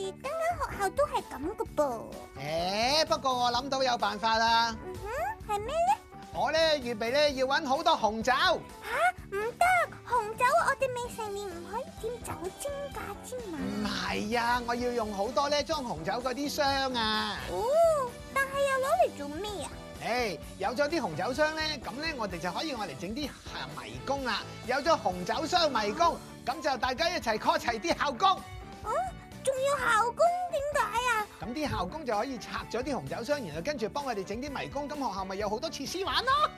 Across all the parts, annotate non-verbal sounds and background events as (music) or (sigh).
啱啱學校都係咁噶噃。誒，不過我諗到有辦法啦。嗯哼，係咩咧？我咧預備咧要搵好多紅酒。吓，唔得，紅酒我哋未成年唔可以點酒精噶，之嘛？唔係呀，我要用好多咧裝紅酒嗰啲箱啊。哦，但係又攞嚟做咩啊？誒，有咗啲紅酒箱咧，咁咧我哋就可以用嚟整啲迷宮啦。有咗紅酒箱迷宮，咁就大家一齊 call 齊啲校工。仲要校工點解啊？咁啲校工就可以拆咗啲紅酒箱，然後跟住幫我哋整啲迷宮，咁學校咪有好多設施玩咯？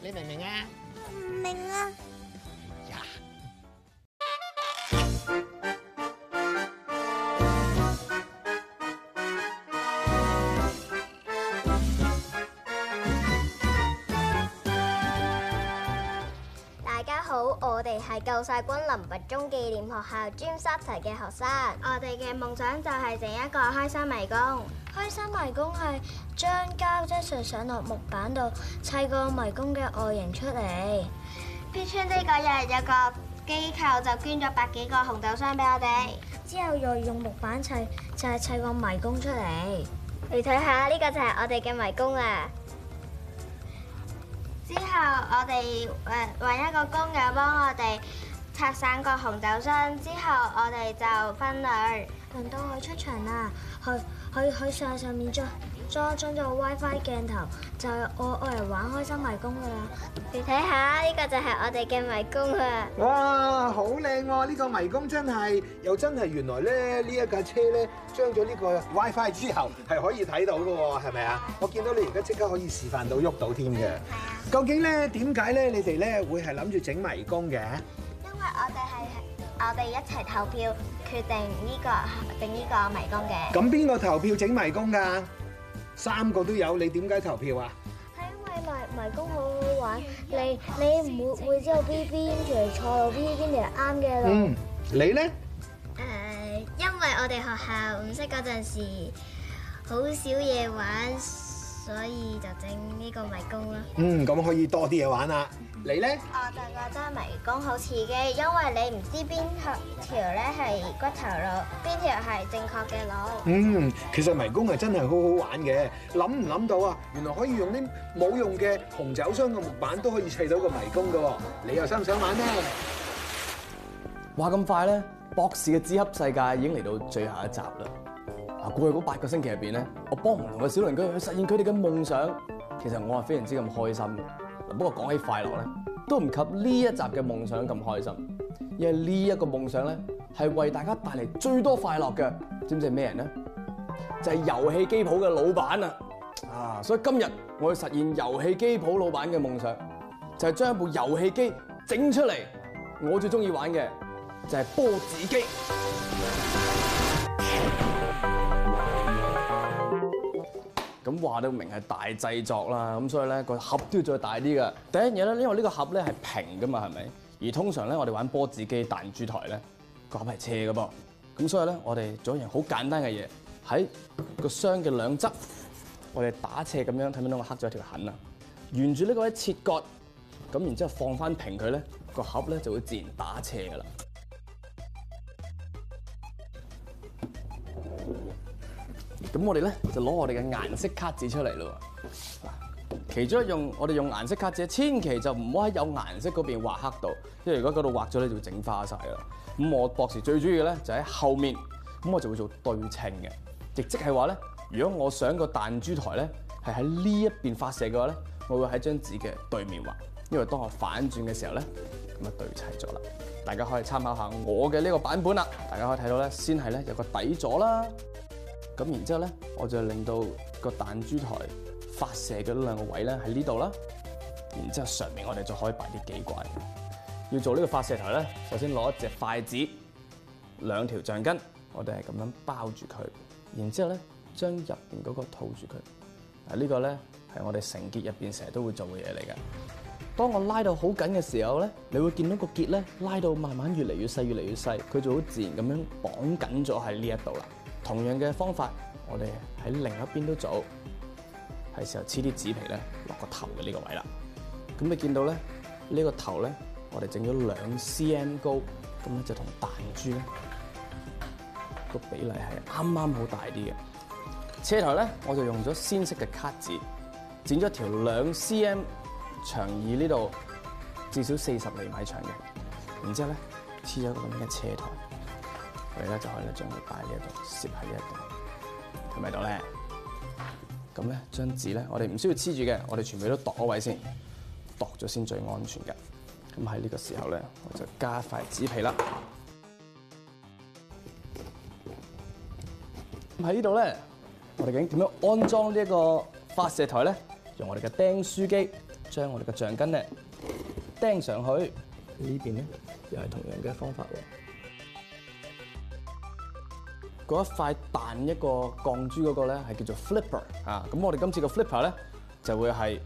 你明唔明啊？我唔明啊？救世軍林拔中紀念學校 James Hutch 嘅學生，我哋嘅夢想就係整一個開心迷宮。開心迷宮係將膠樽上上落木板度砌個迷宮嘅外形出嚟。撇穿呢個日有個機構就捐咗百幾個紅酒箱俾我哋，之後又用木板砌就係砌個迷宮出嚟。你睇下呢個就係我哋嘅迷宮啦。之後我哋揾揾一個工友幫我哋拆散個紅酒箱。之後我哋就分隊，輪到佢出場啦，去去去上上面再。裝裝咗個 WiFi 鏡頭，就係我愛嚟玩開心迷宮噶啦。你睇下呢個就係我哋嘅迷宮啊。哇，好靚喎！呢個迷宮真係又真係原來咧，呢一架車咧，裝咗呢個 WiFi 之後係可以睇到噶，係咪啊？我見到你而家即刻可以示範到喐到添嘅。係啊。究竟咧點解咧你哋咧會係諗住整迷宮嘅？因為我哋係我哋一齊投票決定呢個定呢個迷宮嘅。咁邊個投票整迷宮噶？三個都有，你點解投票啊？係因為迷迷宮好好玩，你你唔會會知道邊邊條錯，邊邊條啱嘅咯。嗯，你咧？誒、嗯，因為我哋學校小息嗰陣時好少嘢玩。所以就整呢個迷宮啦。嗯，咁可以多啲嘢玩啦。你咧？我就覺得迷宮好刺激嘅，因為你唔知邊條咧係骨頭路，邊條係正確嘅路。嗯，其實迷宮係真係好好玩嘅，諗唔諗到啊？原來可以用啲冇用嘅紅酒箱嘅木板都可以砌到個迷宮噶。你又想唔想玩呢？話咁快咧？博士嘅紙盒世界已經嚟到最後一集啦。過去嗰八個星期入邊咧，我幫唔同嘅小鄰居去實現佢哋嘅夢想，其實我係非常之咁開心。嗱，不過講起快樂咧，都唔及呢一集嘅夢想咁開心，因為呢一個夢想咧，係為大家帶嚟最多快樂嘅。知唔知係咩人咧？就係遊戲機鋪嘅老闆啊！啊，所以今日我要實現遊戲機鋪老闆嘅夢想，就係將一部遊戲機整出嚟。我最中意玩嘅就係波子機。咁話到明係大製作啦，咁所以咧個盒都要再大啲㗎。第一嘢咧，因為呢個盒咧係平噶嘛，係咪？而通常咧我哋玩波子機彈珠台咧個盒係斜噶噃，咁所以咧我哋做一樣好簡單嘅嘢，喺個箱嘅兩側，我哋打斜咁樣，睇唔到我黑咗一條痕啊？沿住呢個一切角，咁然之後放翻平佢咧，個盒咧就會自然打斜噶啦。咁我哋咧就攞我哋嘅顏色卡紙出嚟咯。嗱，其中一用我哋用顏色卡紙，千祈就唔好喺有顏色嗰邊畫黑度，因為如果嗰度畫咗咧就會整花晒噶啦。咁我博士最主要嘅咧就喺後面，咁我就會做對稱嘅，亦即係話咧，如果我想個彈珠台咧係喺呢一邊發射嘅話咧，我會喺張紙嘅對面畫，因為當我反轉嘅時候咧，咁就對齊咗啦。大家可以參考下我嘅呢個版本啦，大家可以睇到咧，先係咧有個底座啦。咁然之後咧，我就令到個彈珠台發射嘅兩個位咧喺呢度啦。然之後上面我哋就可以擺啲機關。要做呢個發射台咧，首先攞一隻筷子、兩條橡筋，我哋係咁樣包住佢。然之後咧，將入邊嗰個套住佢。啊、這個，呢個咧係我哋繩結入邊成日都會做嘅嘢嚟㗎。當我拉到好緊嘅時候咧，你會見到個結咧拉到慢慢越嚟越細、越嚟越細，佢就好自然咁樣綁緊咗喺呢一度啦。同樣嘅方法，我哋喺另一邊都做，係時候黐啲紙皮咧落個頭嘅呢個位啦。咁你見到咧，呢個頭咧，我哋整咗兩 cm 高，咁咧就同彈珠咧個比例係啱啱好大啲嘅。車頭咧，我就用咗鮮色嘅卡紙剪咗條兩 cm 長以呢度至少四十厘米長嘅，然之後咧黐咗個咁嘅車頭。咧就可以咧將佢擺喺呢一度，攝喺呢一度，睇唔睇到咧？咁咧，將紙咧，我哋唔需要黐住嘅，我哋全部都度嗰位先，度咗先最安全噶。咁喺呢個時候咧，我就加塊紙皮啦。咁喺呢度咧，我哋究竟點樣安裝呢一個發射台咧？用我哋嘅釘書機將我哋嘅橡筋咧釘上去。這邊呢邊咧又係同樣嘅方法。嗰一塊彈一個鋼珠嗰個咧係叫做 flipper 啊！咁我哋今次個 flipper 咧就會係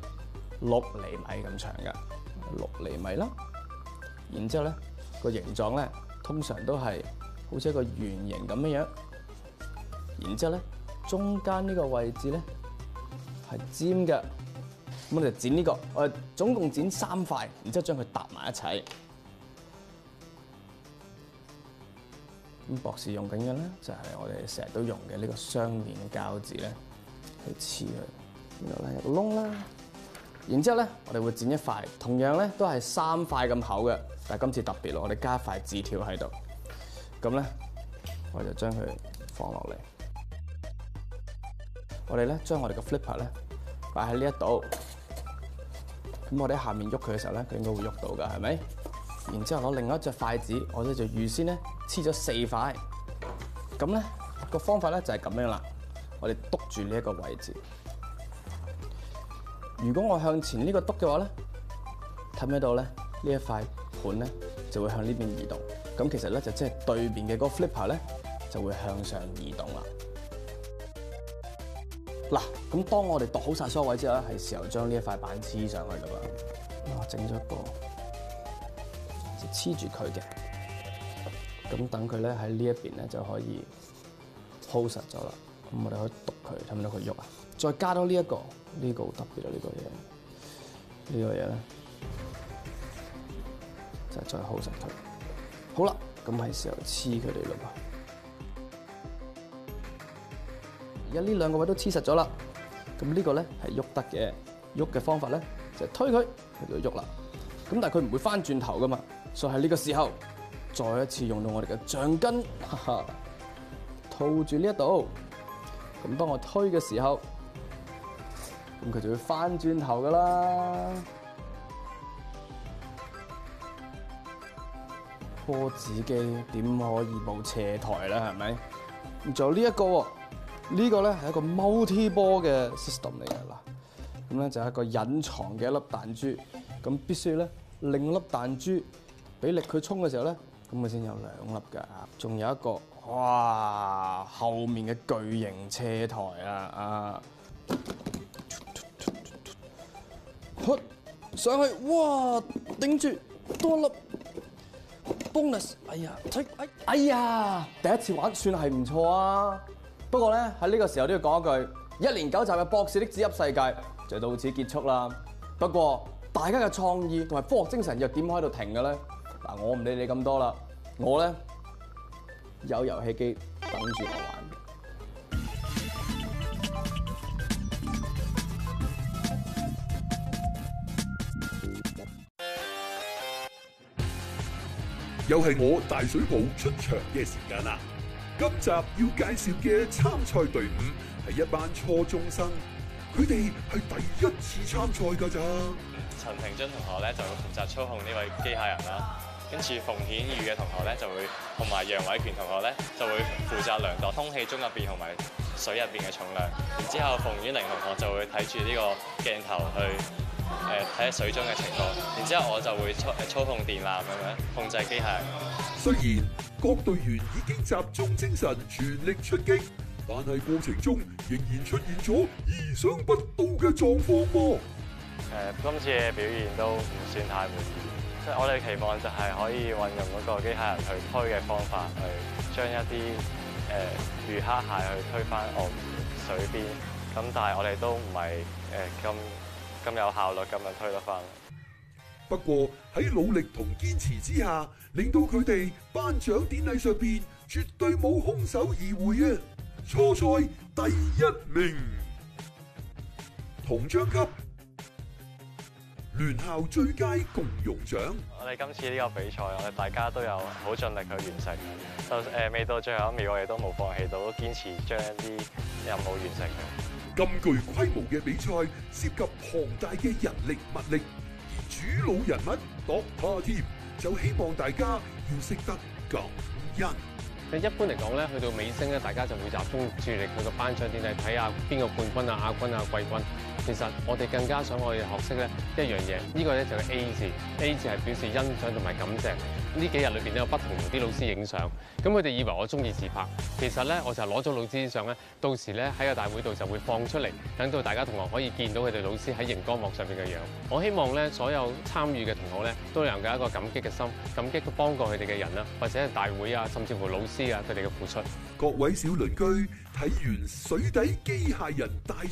六厘米咁長嘅，六厘米啦。然之後咧呢個形狀咧通常都係好似一個圓形咁樣樣。然之後咧中間呢個位置咧係尖嘅，咁我哋就剪呢個，我哋總共剪三塊，然之後將佢搭埋一齊。咁博士用緊嘅咧，就係我哋成日都用嘅呢個雙面膠紙咧，去黐佢。然後呢，嚟個窿啦，然之後咧，我哋會剪一塊，同樣咧都係三塊咁厚嘅，但係今次特別咯，我哋加塊紙條喺度。咁咧，我就將佢放落嚟。我哋咧將我哋嘅 flipper 咧擺喺呢一度，咁我哋下面喐佢嘅時候咧，佢應該會喐到㗎，係咪？然之後攞另外一隻筷子，我咧就預先咧黐咗四塊。咁咧個方法咧就係咁樣啦。我哋篤住呢一個位置，如果我向前個呢個篤嘅話咧，睇喺度到咧？呢一塊盤咧就會向呢邊移動。咁其實咧就即、是、係對面嘅嗰個 flipper 咧就會向上移動啦。嗱，咁當我哋篤好晒所有位置之後咧，係時候將呢一塊板黐上去啦。啊，整咗一個。黐住佢嘅，咁等佢咧喺呢一邊咧就可以 hold 實咗啦。咁我哋可以篤佢，睇唔睇到佢喐啊？再加多呢一個呢、呢個好特別啦，呢個嘢呢個、嘢呢個嘢呢個嘢咧，就係、係、再 hold 實佢。好啦，咁係時候黐佢哋啦噃。而家呢兩個位都黐實咗啦，咁呢個咧係喐得嘅，喐嘅方法咧就係推佢，佢就喐啦。咁但係佢唔會翻轉頭噶嘛。所以喺呢個時候，再一次用到我哋嘅橡筋，哈哈，套住呢一度。咁當我推嘅時候，咁佢就會翻轉頭㗎喇。波子機點可以冇斜台呢？係咪？仲有呢、呢個呢個、一個呢個咧，係一個 multi ball 嘅 system 嚟嘅啦。咁咧就係一個隱藏嘅一粒彈珠。咁必須咧，另粒彈珠。俾力佢衝嘅時候咧，咁佢先有兩粒㗎。仲有一個哇，後面嘅巨型車台啊啊！上去哇，頂住多一粒 bonus。哎呀，哎哎呀，第一次玩算係唔錯啊。不過咧喺呢個時候都要講一句，一連九集嘅博士的紙盒世界就到此結束啦。不過大家嘅創意同埋科學精神又點可以喺度停嘅咧？嗱，我唔理你咁多啦，我咧有遊戲機等住我玩嘅，又係我大水泡出場嘅時間啦！今集要介紹嘅參賽隊伍係一班初中生，佢哋係第一次參賽㗎咋。陳庭臻同學咧就負責操控呢位機械人啦。跟住馮顯宇嘅同學咧就會同埋楊偉權同學咧就會負責量度空氣中入邊同埋水入邊嘅重量，然之後馮婉玲同學就會睇住呢個鏡頭去誒睇水中嘅情況，然之後我就會操操控電纜咁樣控制機械。雖然各隊員已經集中精神、全力出擊，但係過程中仍然出現咗意想不到嘅狀況噃。誒，今次嘅表現都唔算太滿意。即係我哋期望就係可以運用嗰個機械人去推嘅方法，去將一啲誒魚蝦蟹去推返岸水邊。咁但係我哋都唔係誒咁咁有效率咁樣推得返。不過喺努力同堅持之下，令到佢哋頒獎典禮上邊絕對冇空手而回啊！初賽第一名，銅章級。聯校最佳共融獎。我哋今次呢個比賽，我哋大家都有好盡力去完成，就誒未到最後一秒，我哋都冇放棄到，堅持將一啲任務完成嘅。咁具規模嘅比賽，涉及龐大嘅人力物力，而主腦人物，Dr. Team 就希望大家要識得講一。誒，一般嚟講咧，去到尾聲咧，大家就會集中注意力去個頒獎典禮，睇下邊個冠軍啊、亞軍啊、季軍。其實我哋更加想可以學識咧一樣嘢，呢個咧就係 A 字，A 字係表示欣賞同埋感謝。呢幾日裏邊都有不同啲老師影相，咁佢哋以為我中意自拍，其實咧我就攞咗老師相咧，到時咧喺個大會度就會放出嚟，等到大家同學可以見到佢哋老師喺熒光幕上邊嘅樣。我希望咧所有參與嘅。我呢都能夠一個感激嘅心，感激都幫過佢哋嘅人啦，或者係大會啊，甚至乎老師啊，對你嘅付出。各位小鄰居睇完水底機械人大賽，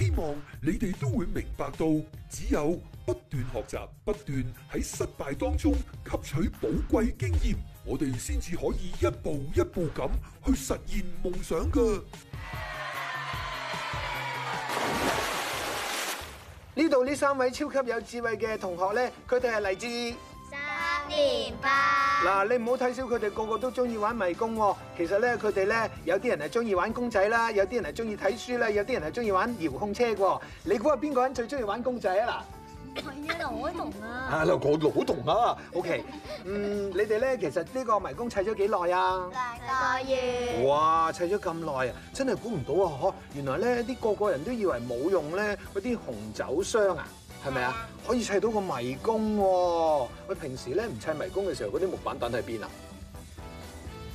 希望你哋都會明白到，只有不斷學習，不斷喺失敗當中吸取寶貴經驗，我哋先至可以一步一步咁去實現夢想噶。呢度呢三位超級有智慧嘅同學咧，佢哋係嚟自三年班。嗱，你唔好睇小佢哋，個個都中意玩迷宮喎。其實咧，佢哋咧有啲人係中意玩公仔啦，有啲人係中意睇書啦，有啲人係中意玩遙控車喎。你估下邊個人最中意玩公仔啊？嗱。好動啊！啊，好動，好啊！OK， (laughs) 嗯，你哋咧，其實呢個迷宮砌咗幾耐啊？大個月。哇，砌咗咁耐啊，真係估唔到啊！原來咧啲個個人都以為冇用咧，嗰啲紅酒箱啊，係咪啊？可以砌到個迷宮喎。我平時咧唔砌迷宮嘅時候，嗰啲木板凳喺邊啊？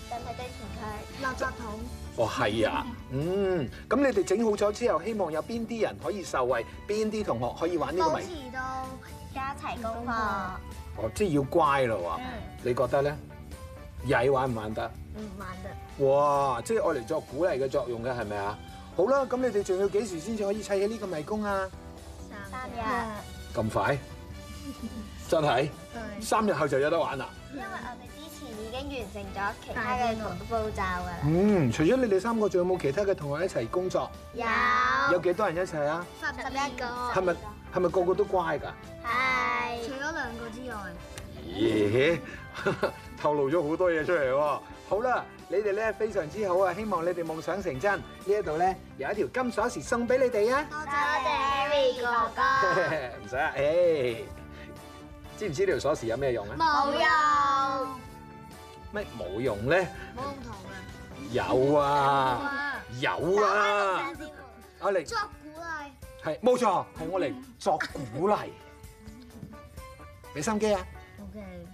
就係前台垃圾桶。哦，係啊， (laughs) 嗯，咁你哋整好咗之後，希望有邊啲人可以受惠，邊啲同學可以玩呢個迷？保持到一齊高分。哦，即係要乖咯。 (laughs) 你覺得咧？曳玩唔玩得？唔玩得。哇，即係愛嚟作鼓勵嘅作用嘅，係咪啊？好啦，咁你哋仲要幾時先至可以砌起呢個迷宮啊？三日。咁快？ (laughs) 真係？三日後就有得玩啦。因為我哋已經完成咗其他嘅步驟噶啦。嗯，除咗你哋三個，仲有冇其他嘅同學一齊工作？有。有幾多人一齊啊？十一個。係咪係咪個個都乖噶？係。除咗兩個之外。咦，透露咗好多嘢出嚟喎。好啦，你哋咧非常之好啊，希望你哋夢想成真。呢一度咧有一條金鎖匙送俾你哋啊。多謝，Harry 哥哥。唔使啊，誒，知唔知呢條鎖匙有咩用咧？冇用。咩冇用咧？冇用啊！有啊，有啊！我嚟作鼓勵，係冇錯，係我嚟作鼓勵。俾心機啊！OK。